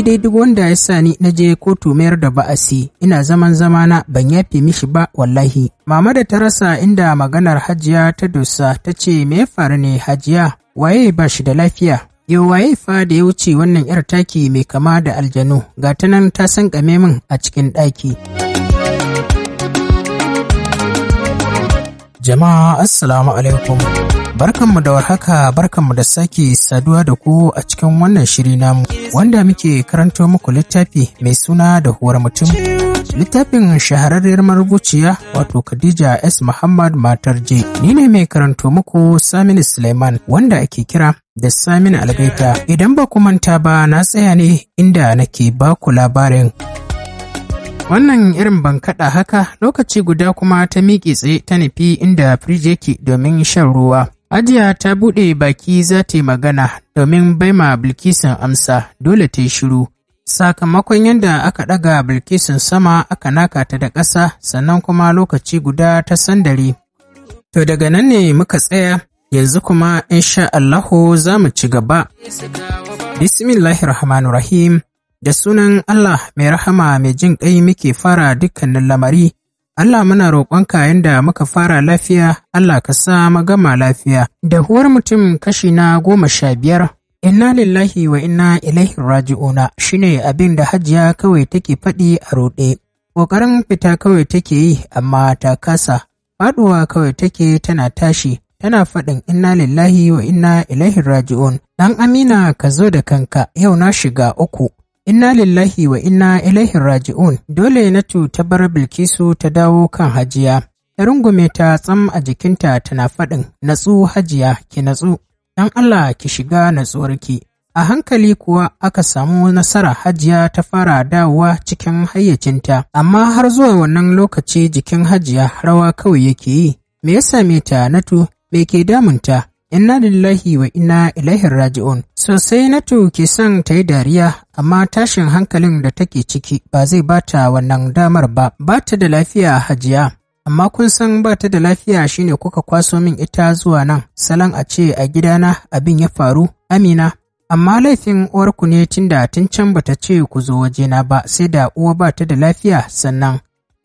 ni dai duk wanda ya sa ni na je kotu mayar da ba'asi ina zaman zamana ban yafe mishi ba wallahi mama da ta rasa inda maganar hajiya ta dosa ta ce me ya faru ne hajiya waye ba shi da lafiya yau waye fa da ya wuce wannan yar taki mai kama da aljanu ga ta nan ta san kame min a cikin ɗaki. jama'a assalamu alaikum Barkanmu da warhaka barkanmu da sake saduwa da ku a cikin wannan shiri namu wanda muke karanto muku littafi mai suna da huwar mutum. Littafin shahararriyar marubuciya wato Khadija S. Muhammad Matar J. Ni ne mai karanto muku Saminu Suleiman wanda ake kira da Saminu Algaita. Idan ba ku manta ba na tsaya ne inda nake ba ku labarin Wannan irin bankaɗa haka lokaci guda kuma ta miƙe tsaye ta nufi inda firij yake domin shan ruwa. Ajiya ta buɗe baki za ta yi magana domin baima Bilkisun amsa dole ta yi shiru. Sakamakon yadda aka ɗaga Bilkisun sama aka naka ta da ƙasa sannan kuma lokaci guda ta sandare. To daga nan ne muka tsaya yanzu kuma insha Allahu za mu ci gaba. Bismillahirrahmanirrahim da sunan Allah mai rahama mai jin ƙai muke fara dukkanin lamari Allah muna roƙonka yadda muka fara lafiya, Allah ka sa magama lafiya. Da huwar mutum kashi na goma sha biyar. Inna lillahi wa inna ilaihi raji'una ne abin da hajiya kawai take faɗi a ruɗe Ƙoƙarin fita kawai take yi amma ta kasa. Faɗuwa kawai take tana tashi, tana faɗin inna lillahi wa inna ilaihi raji'un. Dan Amina ka zo da kanka yau na shiga uku. Inna lillahi wa inna ilaihi raji'un dole Natu ta bar Bilkisu ta dawo kan hajiya. Ta rungume ta tsam a jikinta tana faɗin natsu hajiya ki natsu. Dan Allah ki shiga natsuwarki. A hankali kuwa aka samu nasara hajiya ta fara dawowa cikin hayyacinta, amma har zuwa wannan lokaci jikin hajiya rawa kawai yake yi. Me ya same ta Natu? Me ke damunta? inna lillahi wa inna ilaihi raji'un sosai nato ke son ta yi dariya amma tashin hankalin da take ciki ba zai bata wannan damar ba Ba ta da lafiya hajiya amma kun san ba ta da lafiya shine kuka kwaso min ita zuwa nan salon a ce a gidana abin ya faru amina amma laifin uwarku ne tunda tun can ba ta ce ku zo wajena ba sai da uwa ba ta da lafiya sannan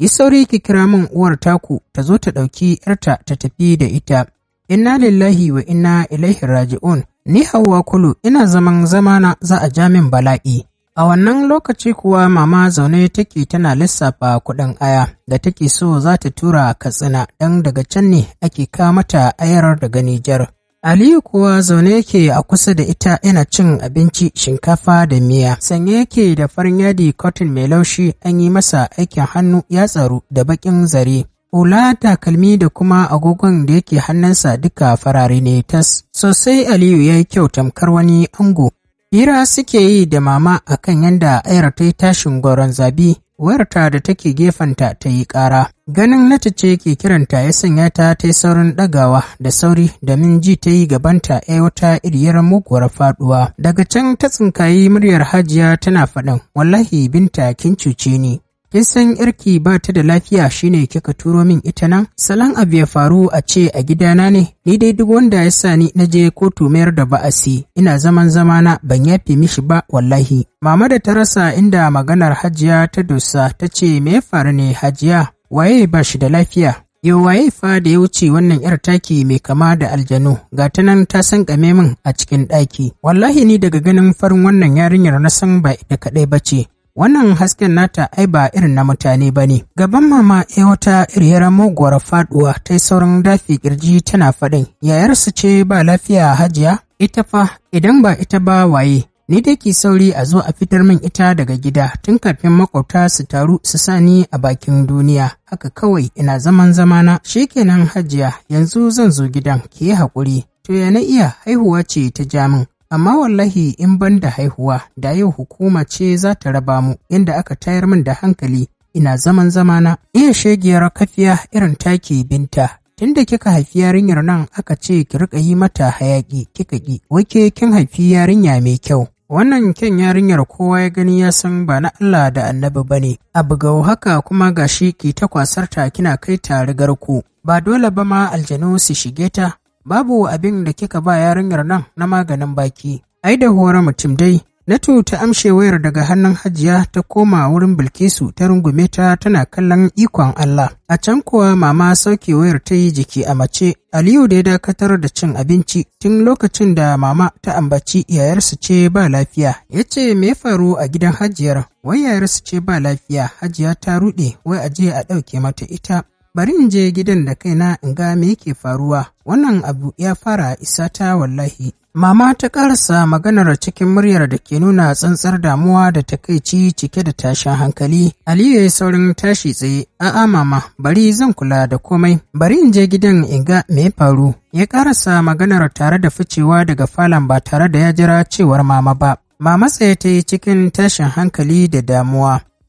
yi sauri ki kira min uwar taku ta zo ta ɗauki 'yarta ta tafi da ita Inna lillahi wa inna ilaihi raji'un. Ni Hauwa Kulu ina zaman zamana za a jamin bala'i. A wannan lokaci kuwa mama zaune take tana lissafa kuɗin aya da take so za ta tura katsina 'dan daga can ne ake mata ayar daga Nijar. Aliyu kuwa zaune yake a kusa da ita yana cin abinci shinkafa da miya. Sanye yake da farin yadi cotton mai laushi an yi masa aikin hannu ya tsaru da baƙin zare. hula takalmi da kuma agogon da yake hannunsa duka farare ne tas sosai aliyu ya yi kyau tamkar wani ango hira suke yi da mama a kan yanda ayar ta yi tashin goron zabi wayarta da take gefanta ta yi ƙara ganin nata ce ke kiranta ya sanya ta ta yi saurin ɗagawa da sauri da ji ta yi gabanta ya wata iriyar muguwar faɗuwa daga can ta tsinkayi muryar hajiya tana faɗin wallahi binta kin cuce ni kin san irki ba ta da lafiya shine kika turo min ita nan salon abu ya faru a ce a gidana ne ni dai duk wanda ya sa ni na je kotu mayar da ba'asi ina zaman zamana ban yafi mishi ba wallahi mama da ta rasa inda maganar hajiya ta dosa ta ce me ya faru ne hajiya waye ba shi da lafiya yau waye fa da ya wuce wannan yar taki mai kama da aljanu ga ta nan ta san kame min a cikin ɗaki wallahi ni daga ganin farin wannan yarinyar na san ba ita kaɗai ba ce wannan hasken nata ai ba irin na mutane ba ne gaban mama ya eh, wata iriyar muguwar faduwa ta yi saurin dafi kirji tana faɗin yayarsu ce ba lafiya hajiya ita fa idan ba ita ba waye ni dai ki sauri a zo a fitar min ita daga gida tun kafin makwabta su taru su sani a bakin duniya haka kawai ina zaman zamana shikenan hajiya yanzu zan zo gidan ke haƙuri to ya na iya haihuwa ce ta jamin amma wallahi in ban da haihuwa da yau hukuma ce za ta raba mu inda aka tayar min da hankali ina zaman zamana iya shegiyar kafiya irin taki binta tunda kika haifi yarinyar nan aka ce ki rika yi mata hayaƙi kika ki wake kin haifi yarinya mai kyau wannan kyan yarinyar kowa ya gani ya san ba na Allah da annabi ba ne. A ga haka kuma gashi ki ta kwasarta kina kai ta rigar ku ba dole ba ma aljanu su shige ta babu abin da kika ba yarinyar nan na maganin baki ai da hora mutum dai Natu ta amshe wayar daga hannun hajiya ta koma wurin Bilkisu ta rungume ta tana kallon ikon Allah. A can kuwa mama sauke wayar ta yi jiki a mace, Aliyu da ya dakatar da cin abinci tun lokacin da mama ta ambaci yayarsu ce ba lafiya. Ya ce me faru a gidan hajiyar, wai yayarsu ce ba lafiya, hajiya ta ruɗe, wai a aje a ɗauke mata ita. bari in je gidan da kaina in ga me yake faruwa wannan abu ya fara isa ta wallahi mama ta karasa maganar cikin muryar da ke nuna tsantsar damuwa da takaici cike da tashin hankali aliyu ya yi saurin tashi tsaye a'a mama bari zan kula da komai bari in je gidan in ga me ya faru ya karasa maganar tare da ficewa daga falon ba tare da ya jira cewar mama ba mama tsaye ta yi cikin tashin hankali da damuwa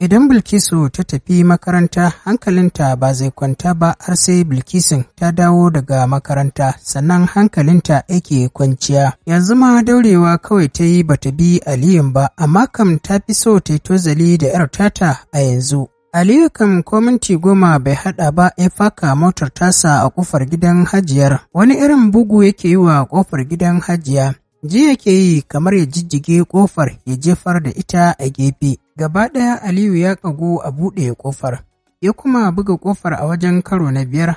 Idan Bilkisu ta tafi makaranta hankalinta ba zai kwanta ba har sai Bilkisun ta dawo daga makaranta sannan hankalinta yake kwanciya. Yanzu ma daurewa kawai ta yi bata bi Aliyun ba amma kam ta fi so ta yi tozali da 'yar tata a yanzu. Aliyu kam ko minti goma bai haɗa ba ya faka motar tasa a ƙofar gidan hajiyar. Wani irin bugu yake yi wa ƙofar gidan hajiya. Ji yake yi kamar ya jijjige ƙofar ya jefar da ita a gefe. Gaba ɗaya Aliyu ya ƙagu a buɗe ƙofar, ya kuma buga ƙofar a wajen karo na biyar.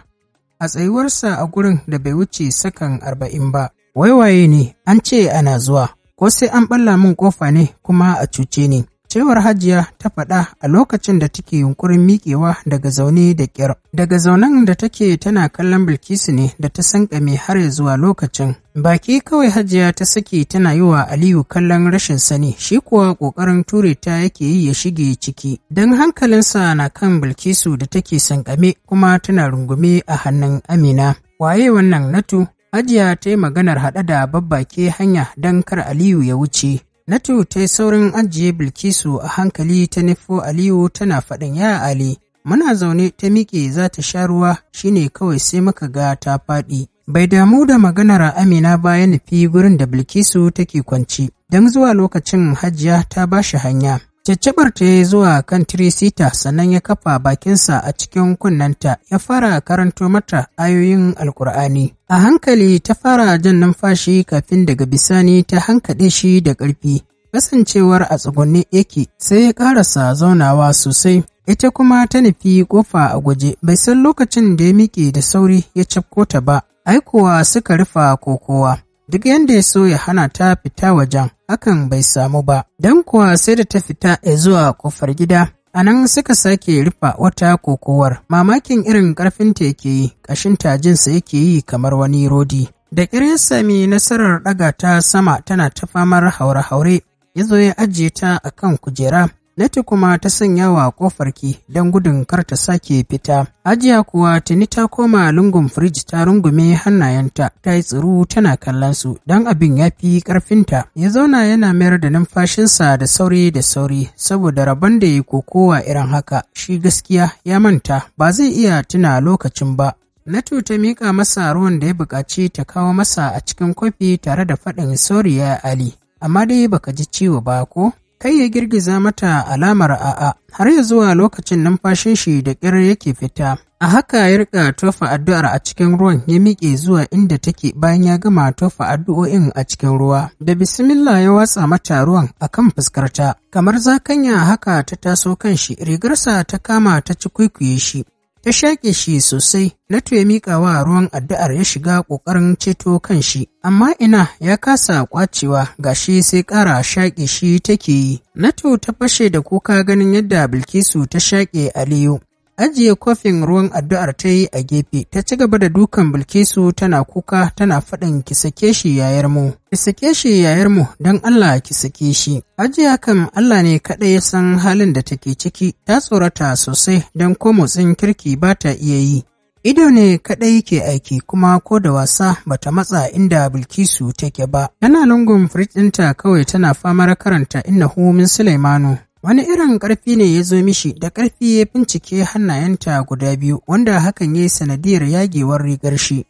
A tsayuwarsa a gurin da bai wuce sakan arba'in ba, waiwaye ne an ce ana zuwa, ko sai an ɓalla min ƙofa ne kuma a cuce ni. cewar hajiya ta faɗa a lokacin da take yunkurin miƙewa daga zaune da ƙyar daga zaunen da take tana kallon bilkisu ne da ta sankame har zuwa lokacin baki kawai hajiya ta sake tana yi wa aliyu kallon rashin sani shi kuwa ƙoƙarin ture ta yake yi ya shige ciki don hankalinsa na kan bilkisu da take sankame kuma tana rungume a hannun amina waye wannan natu hajiya ta yi maganar haɗe da babbake hanya don kar aliyu ya wuce Natu ta yi saurin ajiye Bilkisu a hankali ta nufo Aliyu tana faɗin ya Ali. Muna zaune ta miƙe za ta sha ruwa shi ne kawai sai muka ga ta faɗi. Bai damu da maganar Amina ba ya nufi gurin da Bilkisu take kwance, don zuwa lokacin hajiya ta ba shi hanya. Cicciɓar ta yi zuwa kan tirisita sannan ya kafa bakinsa a cikin kunnanta ya fara karanto mata ayoyin alkur'ani. A hankali ta fara jan numfashi kafin daga bisani ta hankaɗe shi da ƙarfi. Kasancewar a tsugunne yake sai ya ƙarasa zaunawa sosai. Ita kuma ta nufi ƙofa a guje bai san lokacin da ya miƙe da sauri ya cafko ta ba. Aikowa suka rufa kokowa. Duk yadda ya so ya hana ta fita wajen. hakan bai samu ba Dan kuwa sai da ta fita e zuwa kofar gida a nan suka sake rufa wata kokowar mamakin irin karfin ta yake yi ƙashin tajinsa yake yi kamar wani rodi da ƙirin sami nasarar ɗaga ta sama tana ta famar haure-haure ya zo ya ajiye ta a kan kujera Lati kuma ta sanya wa kofar ki don gudun kar ta sake fita. Ajiya kuwa tuni ta koma lungun firij ta rungume hannayenta ta yi tsiru tana kallon su don abin ya fi ƙarfinta. Ya zauna yana mayar da numfashinsa da sauri da sauri saboda rabon da ya kowa irin haka shi gaskiya ya manta ba zai iya tuna lokacin ba. Natu ta miƙa masa ruwan da ya buƙaci ta kawo masa a cikin kofi tare da faɗin sauriya Ali. Amma dai baka ji ciwo ba ko? kai ya girgiza mata alamar a'a har ya zuwa lokacin numfashin shi da ƙirar yake fita. A haka ya riƙa tofa addu'ar a cikin ruwan ya miƙe zuwa inda take bayan ya gama tofa addu'o'in a cikin ruwa. Da bismillah ya watsa mata ruwan a kan fuskarta. Kamar zakanya haka ta taso kan shi rigarsa ta kama ta ci kwaikwaye shi. ta shaƙe shi sosai latu ya miƙa wa ruwan addu'ar ya shiga ƙoƙarin ceto kan shi amma ina ya kasa ƙwacewa gashi sai ƙara shaƙe shi take yi latu ta fashe da kuka ganin yadda bilkisu ta shaƙe aliyu ajiye kofin ruwan addu'ar ta yi a gefe ta ci gaba da dukan bilkisu tana kuka tana faɗin ki sake shi yayar mu ki sake shi yayar mu don allah ki sake shi ajiya kam allah ne kaɗai ya san halin da take ciki ta tsorata sosai don ko motsin kirki ba ta iya yi ido ne kaɗai ke aiki kuma ko da wasa bata matsa inda bilkisu take ba tana lungun firij ɗinta kawai tana famar karanta inna min sulaimanu Wani irin ƙarfi ne ya zo mishi da ƙarfi ya bincike hannayenta guda biyu wanda hakan ya yi sanadiyar yagewar rigar shi.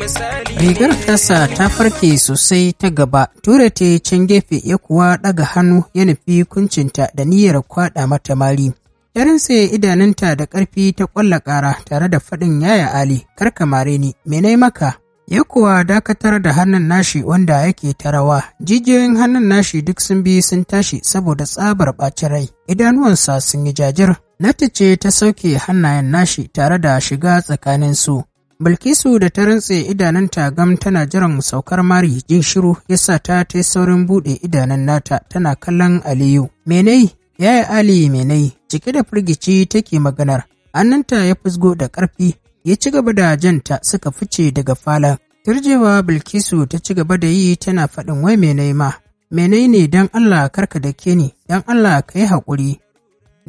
misali rigar tasa ta farke sosai ta gaba tura ta can gefe ya kuwa ɗaga hannu ya nufi kuncinta da niyyar kwaɗa mata mari Yarinsa idanunta da karfi ta kwalla ƙara tare da faɗin yaya ali karka mare ni menai maka ya kuwa dakatar da hannun nashi wanda yake tarawa jijiyoyin hannun nashi duk sun bi sun tashi saboda tsabar ɓacin rai idanuwansa sun yi jajir nata ce ta sauke hannayen nashi tare da shiga tsakanin su Bilkisu da ta rantse idanunta gam tana jiran saukar mari jin shiru yasa ta ta saurin buɗe idanun nata tana kallon Aliyu. Menai, yaya Ali menai, cike da firgici take maganar. Annanta ya fusgo da ƙarfi, ya ci gaba da janta suka fice daga fala. Turjewa Bilkisu ta ci gaba da yi tana faɗin wai menai ma. Menai ne don Allah karka da ke ni, don Allah ka yi haƙuri,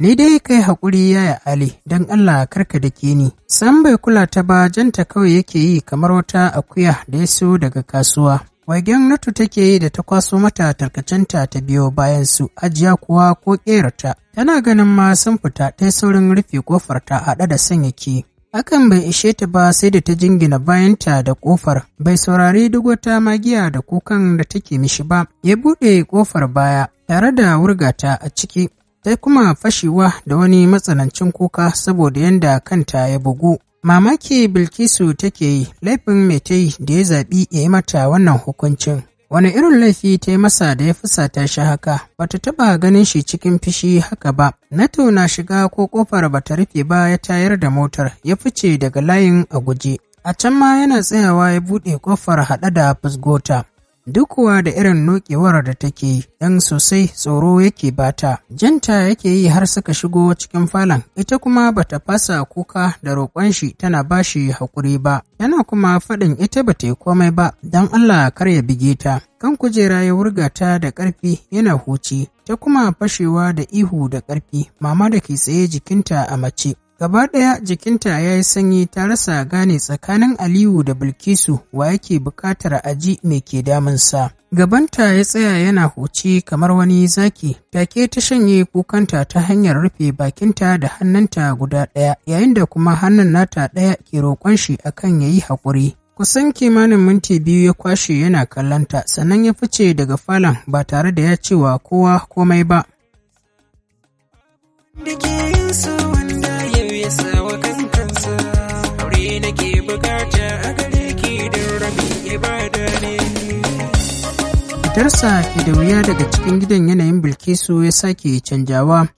Ni dai kai haƙuri yaya Ali, don Allah karka da ke ni. San bai kula ta ba janta kawai yake yi kamar wata akuya da ya so daga kasuwa. Wagen natu take yi da ta kwaso mata tarkacenta ta biyo bayan su, ajiya kuwa ko ƙerata. Tana ganin ma sun fita ta saurin rufe kofar ta haɗa da sanyaki. Hakan bai ishe ta ba sai da ta jingina bayanta da ƙofar, bai saurari duk wata magiya da kukan da take mishi ba, ya buɗe kofar baya tare da wurgata a ciki ta kuma fashewa da wani matsanancin kuka saboda yanda kanta ya bugu. Mamaki Bilkisu take yi laifin mai ta yi da ya zaɓi ya yi mata wannan hukuncin. Wani irin laifi ta yi masa da ya fusata shi haka, Ba ta taɓa ganin shi cikin fishi haka ba. Nato na shiga ko ƙofar ba ta rufe ba ya tayar da motar, ya fice daga layin a guje. A can ma yana tsayawa ya buɗe ƙofar haɗe da fusgota. duk kuwa da irin nokewar da take yi, ‘yan sosai tsoro yake bata, janta yake yi har suka shigo cikin falon, ita kuma bata fasa kuka da roƙon shi tana bashi haƙuri ba, yana kuma faɗin ita bata yi komai ba, don Allah kar ya bige ta. Kan kujera ya wurga ta da ƙarfi yana huci, ta kuma fashewa da ihu da ƙarfi, mama da ke tsaye jikinta a mace. Gaba ɗaya jikinta ya yi sanyi ta rasa gane tsakanin Aliyu da Bilkisu wa yake bukatar aji me ke damunsa. Gabanta ya tsaya yana huci kamar wani zaki, take ta shanye kukanta ta hanyar rufe bakinta da hannunta guda ɗaya, yayin da kuma hannun nata ɗaya ke roƙon shi akan ya yi haƙuri. Kusan kimanin minti biyu ya kwashe yana kallonta, sannan ya fice daga falon ba tare da ya cewa kowa komai ba. sawa nake bukata a gare ki ke da wuya daga cikin gidan yanayin bilkisu ya sake canjawa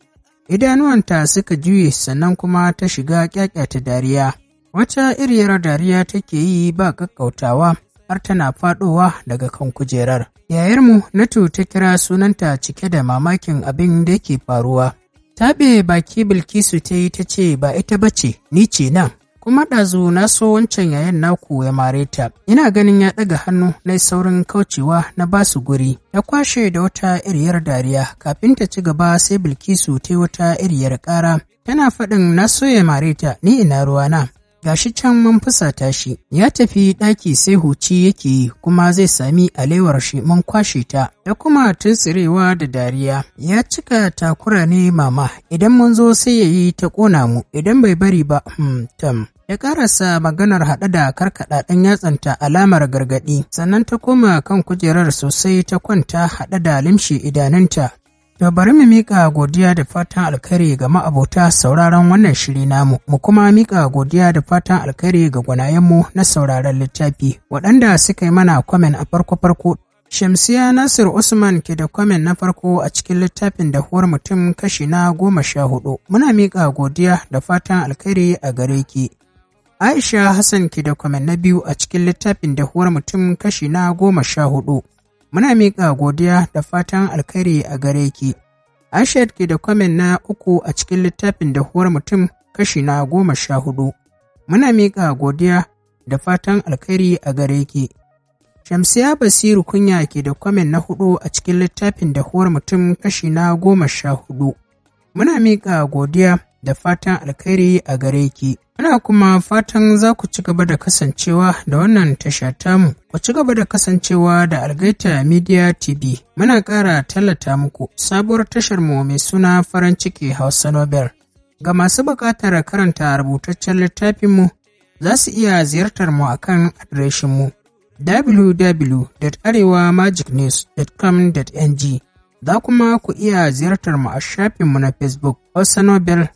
idanuwanta suka juye sannan kuma ta shiga kyakyata dariya wata iriyar dariya take yi ba kakkautawa har tana fadowa daga kan kujerar yayarmu natu ta kira sunanta cike da mamakin abin da ke faruwa Taɓe baki Bilkisu ta yi ta ce ba ita ba ce, ni ce nan. Kuma ɗazu na so wancan yayan naku ya mare ta. Ina ganin ya ɗaga hannu na saurin kaucewa na basu guri. Ya kwashe da wata iriyar dariya kafin ta ci gaba sai Bilkisu ta yi wata iriyar ƙara. Tana faɗin na so ya mare ta ni ina ruwa na. gashi can man fusata shi ya tafi ɗaki sai huci yake yi kuma zai sami alewar shi man kwashe ta da kuma tsirewa da dariya ya cika takura ne mama idan mun zo sai ya yi ta ƙona mu idan bai bari ba hmm, tam ya karasa maganar haɗe da karkaɗa ɗan yatsanta alamar gargaɗi sannan ta koma kan kujerar sosai ta kwanta haɗe da limshe idanunta To bari mu mika godiya da fatan alkhairi ga ma'abota sauraron wannan shiri namu, mu kuma mika godiya da fatan alkhairi ga gwanayenmu na sauraron littafi, waɗanda suka yi mana kwamen a farko-farko. Shamsiya Nasir Usman ke da kwamen na farko a cikin littafin da huwar mutum kashi na goma sha hudu. Muna mika godiya da fatan alkhairi a gare ki. Aisha Hassan ke da kwamen na biyu a cikin littafin da huwar mutum kashi na goma sha hudu. Muna miƙa godiya da fatan alkhairi a gare ki. An ke da kwamen na uku a cikin littafin dahuwar mutum kashi na goma sha hudu. Muna miƙa godiya da fatan alkhairi a gare ki. Shamsiya Basiru kunya ke da kwamen na hudu a cikin littafin dahuwar mutum kashi na goma sha hudu. Muna miƙa godiya da fatan alkhairi a gare ki. Ana kuma fatan za ku ci gaba da kasancewa da wannan tasha tamu, ku ci gaba da kasancewa da Algaita Media TV. Muna ƙara tallata muku sabuwar tashar mu mai suna farin ciki Hausa Nobel. Ga masu buƙatar karanta rubutaccen littafinmu za su iya ziyartar mu akan adireshinmu www.arewamagicnews.com.ng. Za kuma ku iya ziyartar mu a shafinmu na Facebook Hausa Nobel